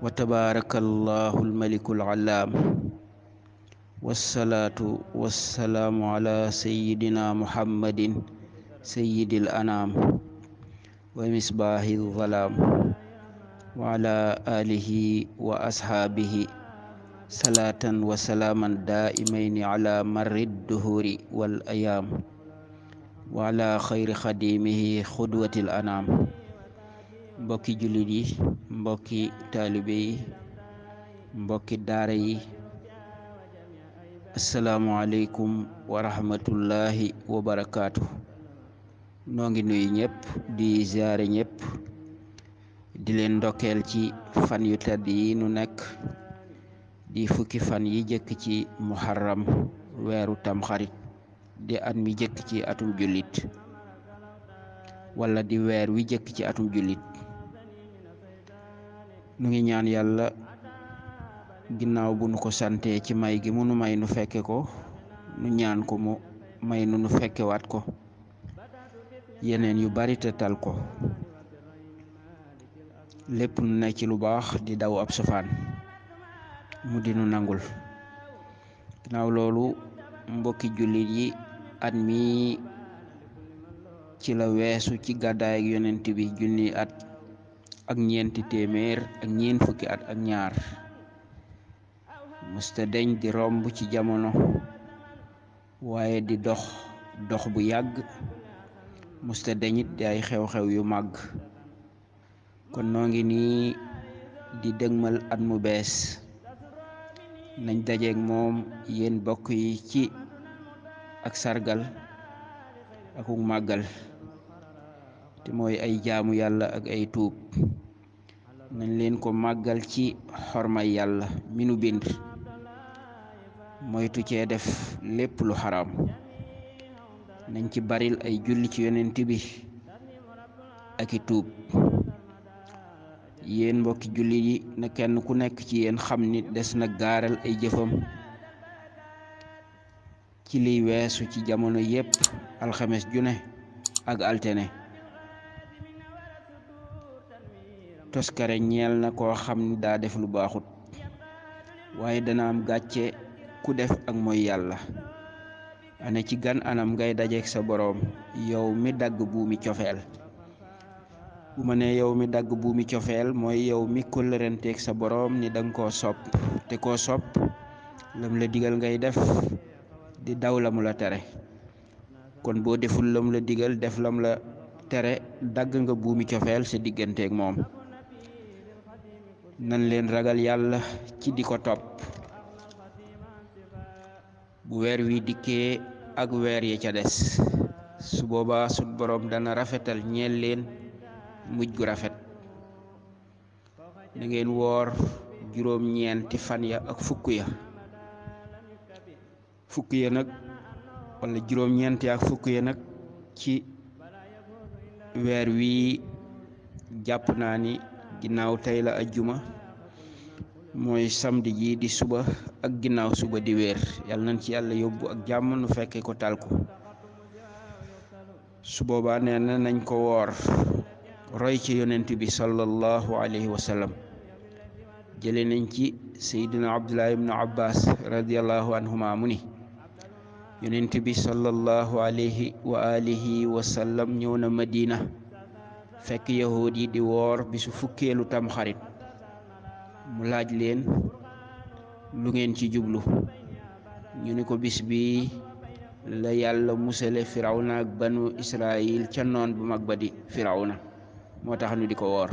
وتبارك الله الملك العلام والصلاة والسلام على سيدنا محمد سيد الأنام ومصباح الظلام وعلى آله وأصحابه صلاة وسلاما دائمين على مر الدهور والأيام وعلى خير خديمه خدوة الأنام mbokki jullit yi mbokki taalibe yi mbokki daara yi asalaamualeykum wa rahmatullahi wa barakaatu noo ngi nuyu ñëpp di ziare ñépp di leen ndokkeel ci fan yu tedd yi nu nekk di fukki fan yi jëkk ci muharram weeru tamxarit di at mi jëkk ci atum jullit wala di weer wi jëkk ci atum jullit nu ngi ñaan yàlla ginnaaw bu nu ko santee ci may gi mu nu may nu fekke ko nu ñaan ko mu may nu nu fekkewaat ko yeneen yu bari te tal ko lépp nu na ci lu baax di daw ab sofaan mu di nu nangul ginnaaw loolu mbokki jullit yi at mi ci la weesu ci gàddaay ak yonent bi junni at ak ñeenti téeméer ak ñeen fukki at ak ñaar musta deñ di romb ci jamono waaye di dox dox bu yàgg musta deñit di ay xew-xew yu màgg kon noo ngi nii di dëgmal at mu bees nañ dajeeg moom yéen bokk yi ci ak sargal akuk màggal te mooy ay jaamu yàlla ak ay tuub nañ leen ko màggal ci xormay yàlla minu bind moytu cee def lépp lu xaram nañ ci baril ay julli ci yonent bi ak i tuub yéen mbokki julli yi na kenn ku nekk ci yenn xam ni des na gaaral ay jëfam ci liy weesu ci jamono yépp alxemes ju ne ak altene toskare ñeel na ko xam ni daa def lu baaxut waaye dana am gàcce ku def ak mooy yàlla ane ci gan anam ngay dajeek sa boroom yow mi dagg mi cofeel bu ma ne yow mi dagg mi cofeel mooy yow mi kóllëranteeg sa boroom ni danga koo sopp te koo sopp lam la digal ngay def di daw la mu la tere kon boo deful lam la digal def lam la tere dagg nga buumi cofeel sa digganteeg moom nan leen ragal yalla ci di top bu wer wi dikke ak wer yi ya ca dess su boba sun borom dana rafetal ñel len mujj gu rafet da ngeen wor juroom ñeenti fan ya ak fukk ya fukk ya nak wala juroom ñeenti ak fukk ya nak ci wer wi japp ginnaaw tey la ajjuma mooy samdi ji di suba ak ginnaaw suba di weer yàlla nañ ci yàlla yóbbu ak jàmm nu fekke ko tal ko su boobaa nee nañ ko woor roy ci yonent bi sallallahu alayhi wa jële nañ ci seydina abdullah ibnu abbas radiallahu anhuma mu ni yonent bi sallallahu alayhi wa ñëw na madina fekk yahuud yi di woor bisu fukkeelu tamxarit mu laaj leen lu ngeen ci jublu ñu ni ko bis bi la yàlla musale firawna ak banu israil ca noon bu mag ba di firawna moo tax nu di ko woor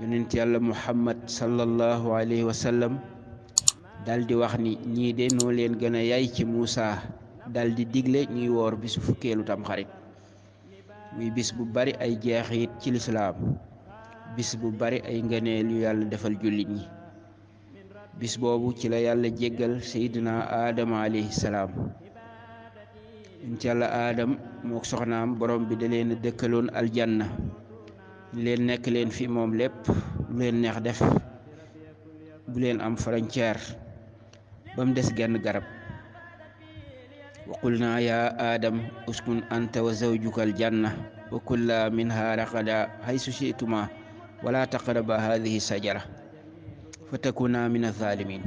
yonent yàlla muhammad sallallahu alayhi wa sallam dal di wax ni ñii de noo leen gën a yaay ci muusa daldi digle ñuy woor bisu fukkeelu tamxarit muy bis bu bari ay jeexit ci l'islam bis bu bari ay ngeneel yu yàlla defal jullit ñi bis boobu ci la yàlla jéggal sayidina aadama alayhi salaam incha allah aadam mook soxnaam borom bi da leen dëkkaloon aljanna leen nekk leen fi moom lépp lu leen neex def bu leen am frontière ba mu genn garab وقلنا يا آدم اسكن أنت وزوجك الجنة وكلا منها رغدا حيث شئتما ولا تقربا هذه الشجرة فتكونا من الظالمين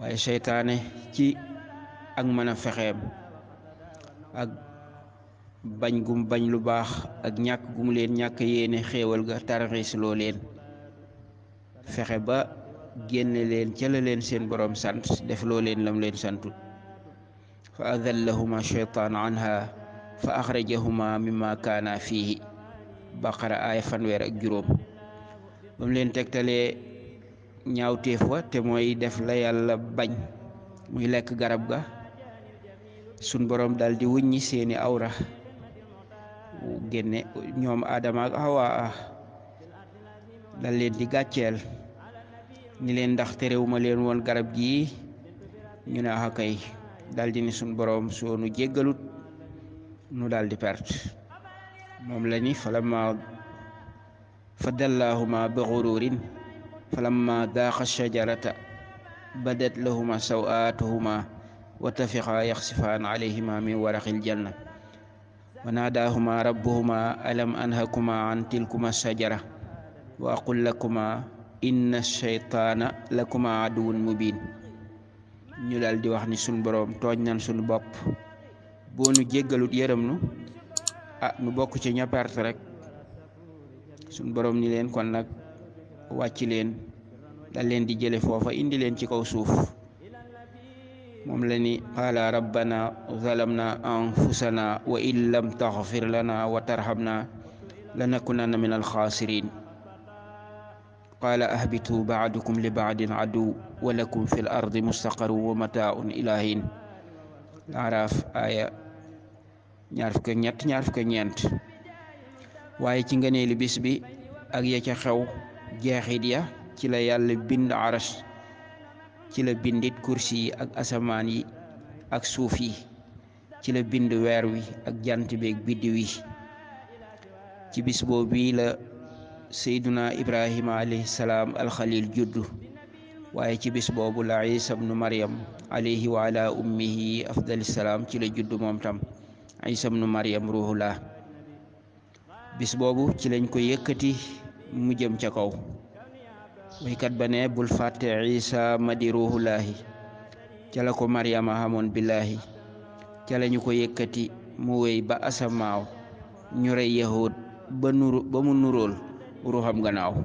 waaye seytaane ci ak mën a fexeem ak bañ gum bañ lu baax ak ñàkk gum leen ñàkk yéene xéewal ga tarxiis loo leen fexe ba génne leen ca la leen seen borom sant def loo leen lam leen santul fa adallahuma sheytaan anha fa axrajahuma mimma kaana fiihi baqara aaya fanweer ak juróom ba mu leen tegtalee ñaawteef wa te mooy def la yàlla bañ muy lekk garab ga sun boroom daal di wuññi seeni awra génne ñoom Adama ak Awa ah dal leen di gàcceel ni leen ndax terewuma leen woon garab gi ñu ne ah kay daal di ni suñ borom soo nu jéggalut nu daal di perte moom la ni falamma fadallahuma bi ghururin falamma daqa shajarata badat lahuma sawaatuhuma wa tafiqa yaxsifaan alayhima min waraqil janna wa naadaahuma rabbuhuma alam anhakuma an tilkuma shajara wa aqul lakuma inna shaytaana lakuma aduwun mubin ñu daal di wax ni suñu boroom tooñ nan suñu bopp boo nu jéggalut yërëm nu ah nu bokk ci ña rek suñu boroom ni leen kon nag wàcc leen dal leen di jële foofa indi leen ci kaw suuf moom la ni qaala rabbana zalamna anfusana wa in lam taxfir lana wa tarhamna lanakunanna min alxaasirin qaala ahbituu baadukum li baadin aduw wa fi l ardi wa mataaun ilaa hin ñaar fukk ñett ñeent waaye ci ngëneeli bis bi ak ya xew jeexit ya ci la yàlla bind aras ci la bindit kursi yi ak asamaan yi ak suuf yi ci la bind weer wi ak jant beeg biddiw ci bis boobu seyduna Ibrahim alayhi al khalil juddu waye ci bis bobu la isa ibn maryam alayhi wa ala ummihi afdal salam ci la juddu mom tam isa ibn maryam ruhullah bis bobu ci lañ ko yëkkati mu jëm ci kaw way kat bané bul fat isa madi ruhulaahi ci la ko maryam hamon billahi ci lañ ko mu way ba asamaaw ñu ray yahud ba nuru ba mu nurul ruuxam ganau,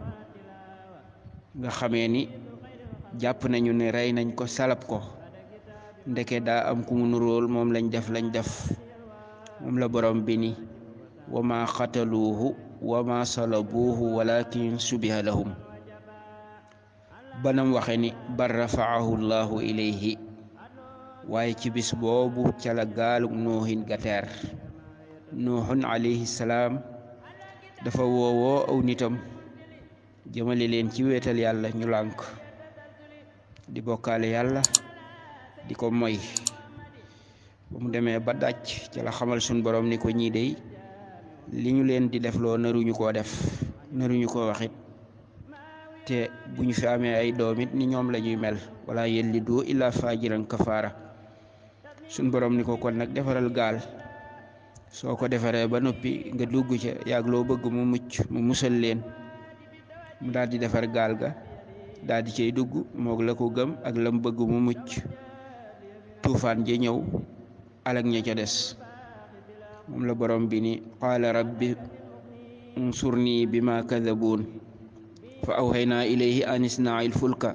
nga xamé ni japp nañu ne ray nañ ko salap ko ndeke da am ku mu nuróol mom lañ def lañ def mom la borom bi ni wama wama salabuhu walakin subiha lahum banam waxe ni bal rafaahu llahu ilayhi waye ci bis bobu ci la galu nohin gater alayhi salam dafa woowoo aw nitam jëmale leen ci wetal yàlla ñu lànk di bokkaale yàlla di ko moy ba mu demee ba dàcc ci la xamal suñ borom ni ko ñii dey li ñu leen di def loo naruñu koo def naruñu koo waxit te bu ñu fi amee ay doom ni ñoom la ñuy mel wala doo illa fajiran kafaara suñ borom ni ko kon nag defaral gaal soo ko defaree ba noppi nga dugg ca yàgg loo bëgg mu mucc mu musal leen mu daal di defar gaal ga daal di cay dugg moog la ko gëm ak lam bëgg mu mucc tuufaan ja ñëw alag ña ca des moom la borom bi ni qaala rabbi unsurni bima kadabuun fa awxaynaa ilayhi an isnaa fulka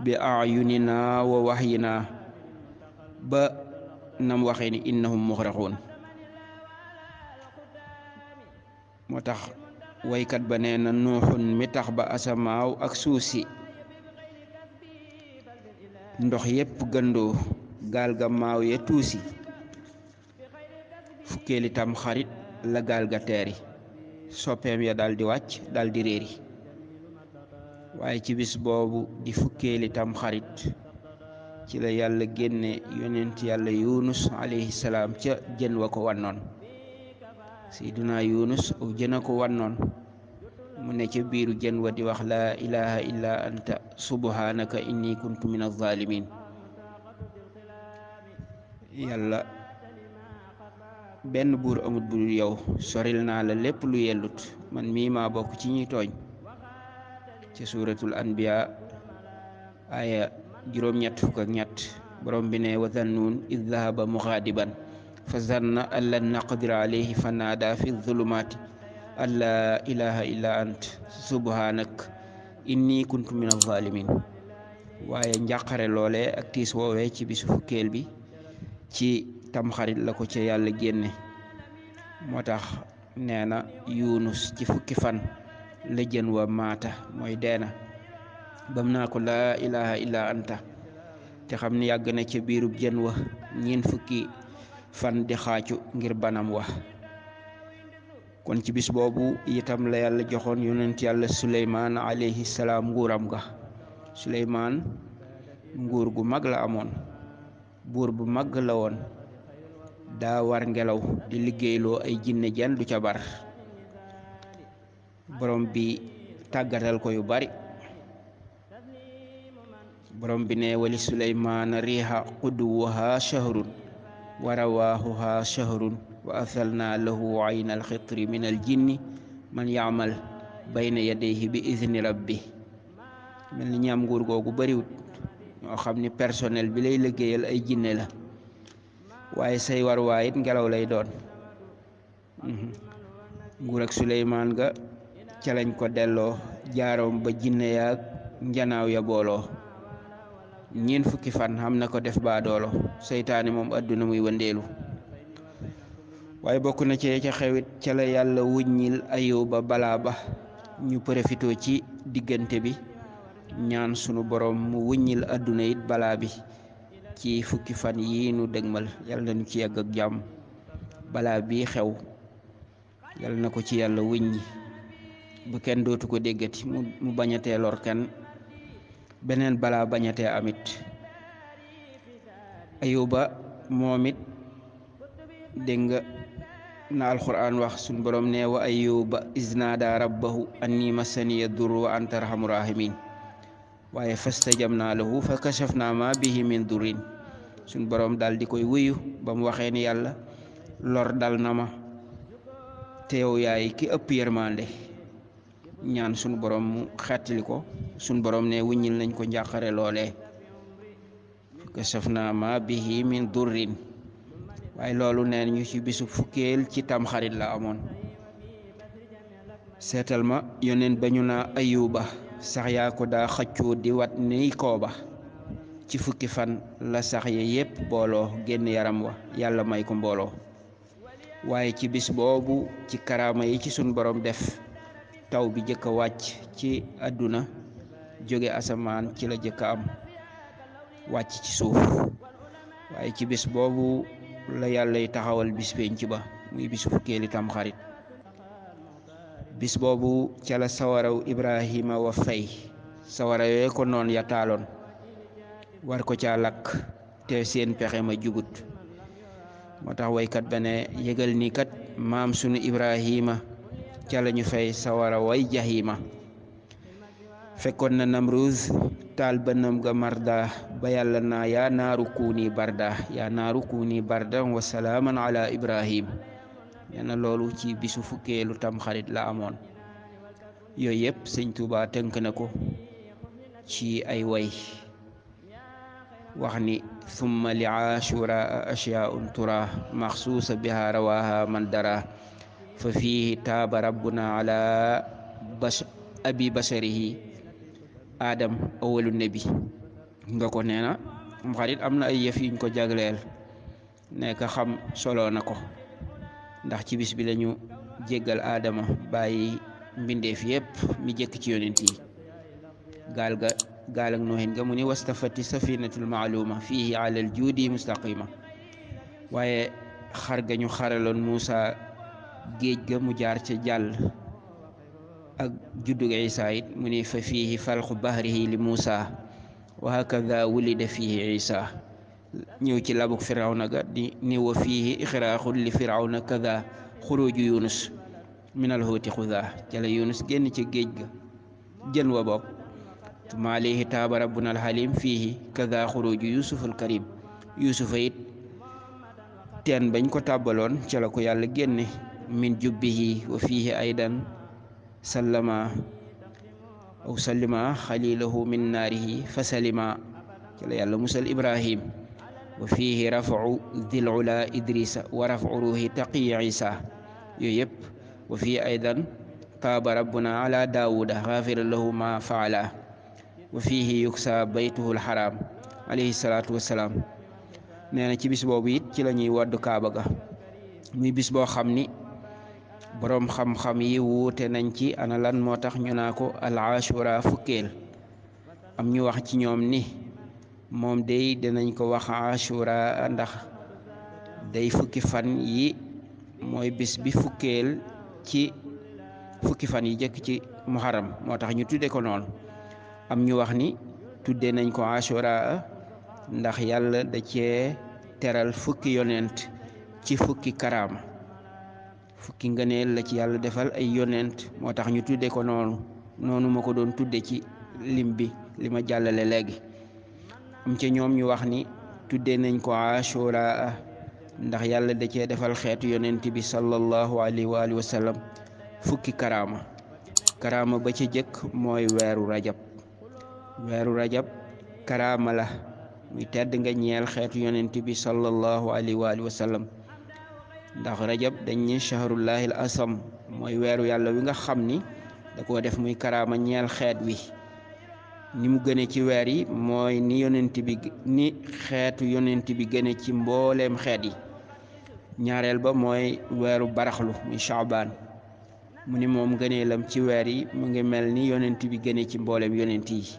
bi ayunina wa waxyina ba nam waxe ni innahum muxraquun moo tax woykat ba nee na nuuxun mi tax ba asamaaw ak suusi ndox yépp gëndoo gaal ga maaw ya tuusi fukkeeli xarit la gaal ga teeri soppeem ya daldi wàcc daldi réeri waaye ci bis boobu di fukkeeli tam xarit ci la yàlla génne yonent yàlla yunus alayhi ca jën wa ko wannoon sayyiduna yunus jën ko wannoon mu ne ca biiru jën wa di wax laa anta subhanaka inni kuntu min az-zalimin yàlla benn buur amut bu dul yow la lépp lu yellut man mii maa bokk ci ñi tooñ ci suuratul anbiya aya juróom ñett fukk ak borom bi ne wa zannuun id dahaba fa zanna an lan naqdira fa naada fi zulumaati an ant subhanak inni kuntu min alzalimin waaye njàqare loole ak woowee ci bisu fukkeel bi ci tamxarit la ko ca yàlla génne moo tax nee na yunus ci fukki fan la jën wa maata mooy deena bam naa ko laa ilaha illa anta te xam ni yàgg na ca biirub jën wa ñeen fukki fan di xaacu ngir banam wax kon ci bis boobu itam la yàlla joxoon yonent yàlla suleymaan alayhi salaam nguuram ga suleymaan nguur gu mag la amoon buur bu mag la woon daa war ngelaw di liggéeyloo ay jinne jan du ca bar borom bi tàggatal ko yu bari borom bi ne wali suleymaan riiha quduwaha shahrun wa rawaahuha shahrun wa athalna lahu ayna alxitri min aljinni man yaamal bayna yadayhi bi idni rabbi mel ni ñaam nguur googu bariwut ñoo xam ni personnel bi lay liggéeyal ay jinne la waaye say war waa ngelaw lay doon mhm. nguur ak Suleymaan ga ca lañ ko delloo jaaroom ba jinne yaag njanaaw ya booloo ñeent fukki fan xam na ko def baadoolo seytaane moom àdduna muy wëndeelu waaye bokk na ci ca xewit la yàlla wuññil ayuba balaa ba ñu profitoo ci diggante bi ñaan sunu borom mu wuññil àdduna it balaa bi ci fukki fan yii nu dëgmal yàlla nañu ci yàgg ak jàmm balaa bi xew yàlla na ko ci yàlla wuññi bu kenn dootu ko déggati mu bañatee lor kenn beneen balaa bañate amit ayuba moom it dégg nga na wax sun borom ne wa ayuba isnaada rabbahu anni masaniya durru wa anta arhamu rahimin waaye fastajabna lahu fa kashafna ma bihi min sun borom daal di koy wuyu ba mu waxee ni yàlla lor dal na ma te yow ki ëpp yërmande ñaan sun borom mu xettali ko sun borom ne wuññil nañ ko njàqare loolee kasafna ma bihi min durrin way lolou neen ñu ci bisu fukel ci xarit la amon setal ma yonen ba ñu ayuba sax ya ko da xaccu di wat ni ba ci fukki fan la sax ya yep bolo genn yaram wa yalla may ko mbolo waye ci bis bobu ci karama yi ci sun borom def taw bi jëk wacc ci aduna joge asaman ci la jëk am wàcc ci suuf waaye ci bis boobu la yàllay taxawal bis ci ba muy bisu fukkeeli tamxarit bis boobu ca la sawaraw Ibrahima wa fay sawara yooyu ko noon ya taaloon war ko caa lakk te seen pexe ma jugut moo tax waykat ba ne yëgal ni kat maam sunu Ibrahima ca la ñu fay sawara way jahima fekkon na namrouz tal banam ga marda ba yàlla na ya naru kuni barda ya naru kuni barda wa salaman ala ibrahim yana lolou ci bisu fukke lu tam xarit la amone yoy yep seigne touba tënk nako ci ay way وحني ثم لعاشوراء أشياء ترى ashyaun بها رواها من درى ففيه تاب ربنا على بش أبي ala abi adam awalu nabi nga ko nee na mu xarit am na ay yëf yuñ ko jagleel nekk xam solo na ko ndax ci bis bi lañu jéggal aadama bàyyi mbindeef yépp mi jëkk ci yonent yi gaal ga gaal ak noohin ga mu ni wastafati safinatul maaluma fihi alal juudi mustaqima waaye xar ga ñu xaraloon Muusa géej ga mu jaar ca jàll ak juddug isa it mu ne fa fiihi falqu bahrihi li muusa wa hakada wulida fiihi isa ñëw ci labuk firawna ga di ni wa fiihi ixraaqun li firawna kada xuruju yunus minal huuti xuda jala yunus génn ci géej ga jën wa bokk tuma alayhi taaba alxalim fiihi kada xuruju yusuf alkarim yusufa it teen bañ ko tàbbaloon ca ko yàlla génne min jubbihi wa fiihi aydan سلم أو سلم خليله من ناره فسلم كلا يلا مسل إبراهيم وفيه رفع ذي العلا إدريس ورفع روح تقي عيسى يب وفيه أيضا تاب ربنا على داود غافر له ما فعله وفيه يكسى بيته الحرام عليه الصلاة والسلام نانا كي ci بوبيت كي it ci la ñuy boroom xam-xam yi wuute nañ ci ana moo tax ñu naa ko al ashura fukkeel am ñu wax ci ñoom ni moom day dinañ ko wax ashura ndax day fukki fan yi mooy bis bi fukkeel ci fukki fan yi jëkk ci muharram moo tax ñu tudde ko noonu am ñu wax ni tudde nañ ko ashura ndax yàlla da cee teral fukki yonent ci fukki karaama fukki ngëneel la ci yàlla defal ay yonent moo tax ñu tudde ko noonu noonu ma ko doon tudde ci lim bi li ma jàllale léegi am ca ñoom ñu wax ni tudde nañ ko ashura ndax yàlla da cee defal xeetu yonent bi sallallahu alayhi wa alihi wa sallam fukki karaama karaama ba ca jëkk mooy weeru rajab weeru rajab karaama la tedd nga ñeel xeetu yonent bi sallallahu alayhi ndax rajab dañ ñi shahrullahi al asam mooy weeru yàlla wi nga xam ni da koo def muy karaama ñeel xeet wi ni mu gëne ci weer yi mooy ni yonent bi ni xeetu yonent bi gëne ci mbooleem xeet yi ñaareel ba mooy weeru baraxlu muy mu ni moom gëneelam ci weer yi mu ngi mel ni yonent bi gëne ci mbooleem yonent yi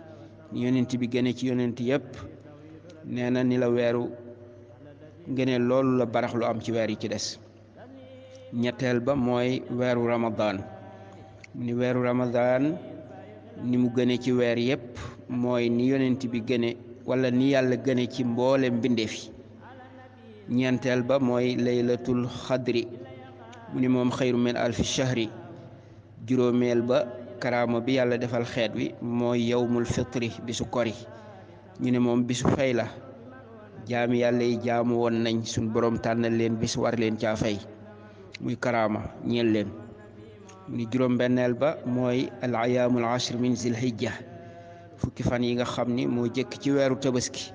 ni yonent bi gëne ci yonent yépp nee na ni la weeru ngëneel loolu la barax lu am ci weer yi ci des ñetteel ba mooy weeru ramadaan ni weeru ramadaan ni mu gëne ci weer yépp mooy ni yonent bi gëne wala ni yàlla gëne ci mboole binde fi ñeenteel ba mooy laylatul xadri mu ni moom xayru min alfi shahri juróomeel ba karaama bi yàlla defal xeet wi mooy yowmul fitri bisu kori ñu ne moom bisu fay la jaami yàlla yi jaamu woon nañ suñ borom tànnal leen bis war leen caa fay muy karaama ñeel leen mu ni juróom benneel ba mooy al ayaamul ashr min fukki fan yi nga xam ni moo jëkk ci weeru tabaski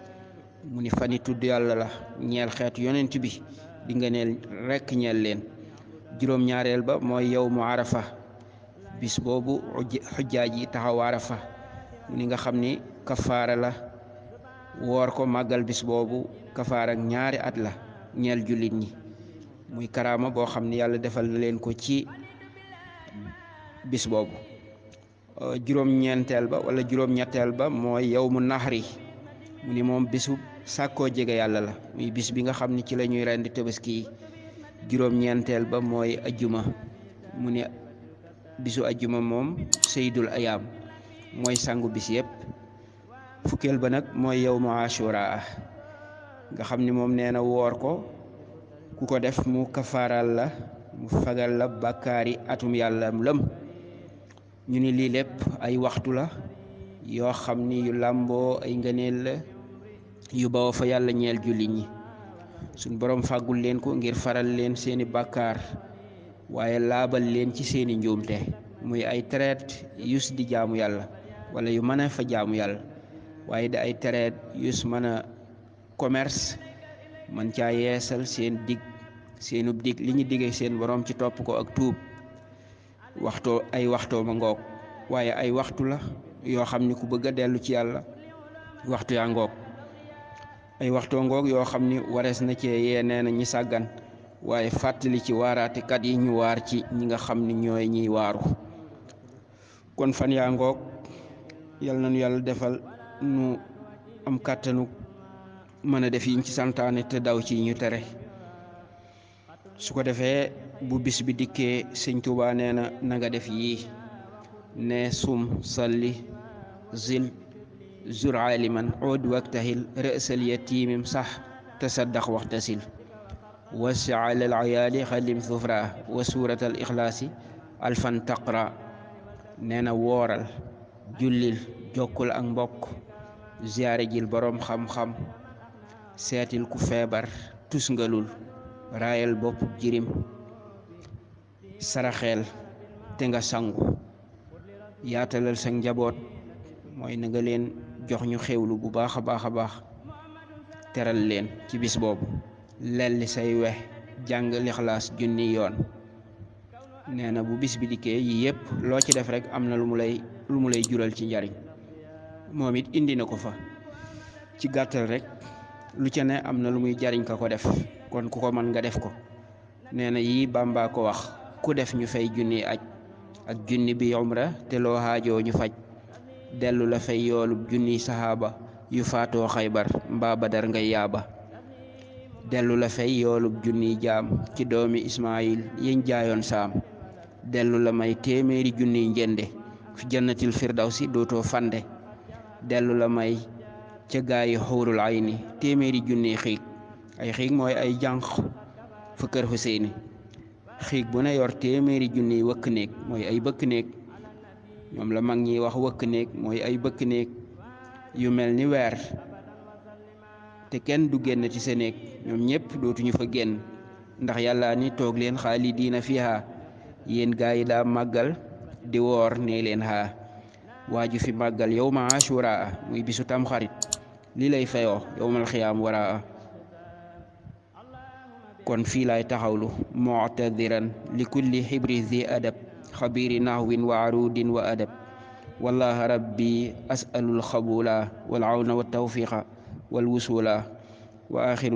mu ni fani tudd yàlla la ñeel xeet yonent bi di nga neel rekk ñeel leen juróom ñaareel ba mooy yawmu arafa bis boobu xujjaaj yi taxaw arafa mu ni nga xam ni kafaara la wor ko magal bis bobu kafara ak ñaari at la ñel julit ni muy karama bo xamni yalla defal na len ko ci bis bobu euh, juróom ñentel ba wala juróom ñettel ba moy yawmu nahri muni mom bisu sako jega yalla la muy bis bi nga xamni ci lañuy rendi tabaski yi ba moy aljuma muni bisu aljuma mom sayyidul ayyam moy sangu bis yépp fukkeel ba nag mooy yawmu ashura nga xam ni moom nee na woor ko ku ko def mu kafaaral la mu fagal la bàkkaari atum yàlla lëm ñu ni lii lépp ay waxtu la yoo xam ni yu làmboo ay ngëneel yu bawoo fa yàlla ñeel jullit ñi suñ boroom fàggul leen ko ngir faral leen seeni bàkkaar waaye laabal leen ci seeni njuumte muy ay traite yus di jaamu yàlla wala yu mën a fa jaamu yàlla waaye da ay komers, yus mën a commerce man caa yeesal seen dig seenub dig li ñu seen borom ci topp ko ak tuub waxtoo ay waxtoo ma ngoog waaye ay waxtu la yoo xam ni ku bëgg a dellu ci yàlla waxtu yaa ngoog ay waxtoo ngoog yoo xam ni na cee yee na ñi sàggan waaye fàttali ci kat yi ñu waar ci ñi nga xam ni ñooy ñiy waaru kon fan yaa ngoog yal nañu yàlla defal nu am kàttanu mën a def yiñ ci santaane te daw ci ñu tere su ko defee bu bis bi dikkee sëñ Tuubaa nee na na nga def yii ne sum salli zil zur aliman ud waktahil rësal yatimim sax tasaddaq waxtasil wasi ala al ayaali xalim sufra wa suurat al ixlaasi alfan taqra nee na wooral jullil jokkul ak mbokk ziyaare jil boroom xam-xam seetil ku feebar tusngalul raayal bopp jirim saraxeel te nga sangu yaatalal sa njaboot mooy na nga leen jox ñu xewlu bu baax a baax a baax teral leen ci bis boobu lelli say wex jàng lixlaas junni yoon nee na bu bis bi dikkee yi yépp loo ci def rek am na lu lay lu mu lay jural ci njariñ moom it indi na ko fa ci gàttal rekk lu ca ne am na lu muy jariñ ka ko def kon ku ko mën nga def ko nee na yii Bàmba ko wax ku def ñu fay junni aj ak junni bi umra te loo haajoo ñu faj dellu la fay yoolub junni saxaaba yu faatoo xaybar mbaa badar nga yaaba dellu la fay yoolub junniy jaam ci doomi ismaayil yiñ jaayoon saam dellu la may téeméeri junniy njënde fi jannatil si dootoo fande dellu la may ca gaayi xóorul ay ni téeméeri junni xiig ay xiig mooy ay jànq fa kër Xuseeni xiig bu na yor téeméeri junni wëkk néeg mooy ay bëkk néeg la mag ñi wax wëkk néeg mooy ay bëkk yu mel ni weer te kenn du génn ci sa néeg ñoom ñépp dootuñu fa génn ndax yàlla ni toog leen xaalidiina fiha yéen gaa gaayi daa màggal di woor nee leen xaa waaju fi màggal yow ma ashuraa muy bisu tam xarit li lay fayoo yow mal xiyaam waraa kon fii laay taxawlu muctadiran li kulli xibri zi adab xabiri nahwin wa arudin wa adab والله ربي أسأل القبول والعون والتوفيق والوسولا وآخر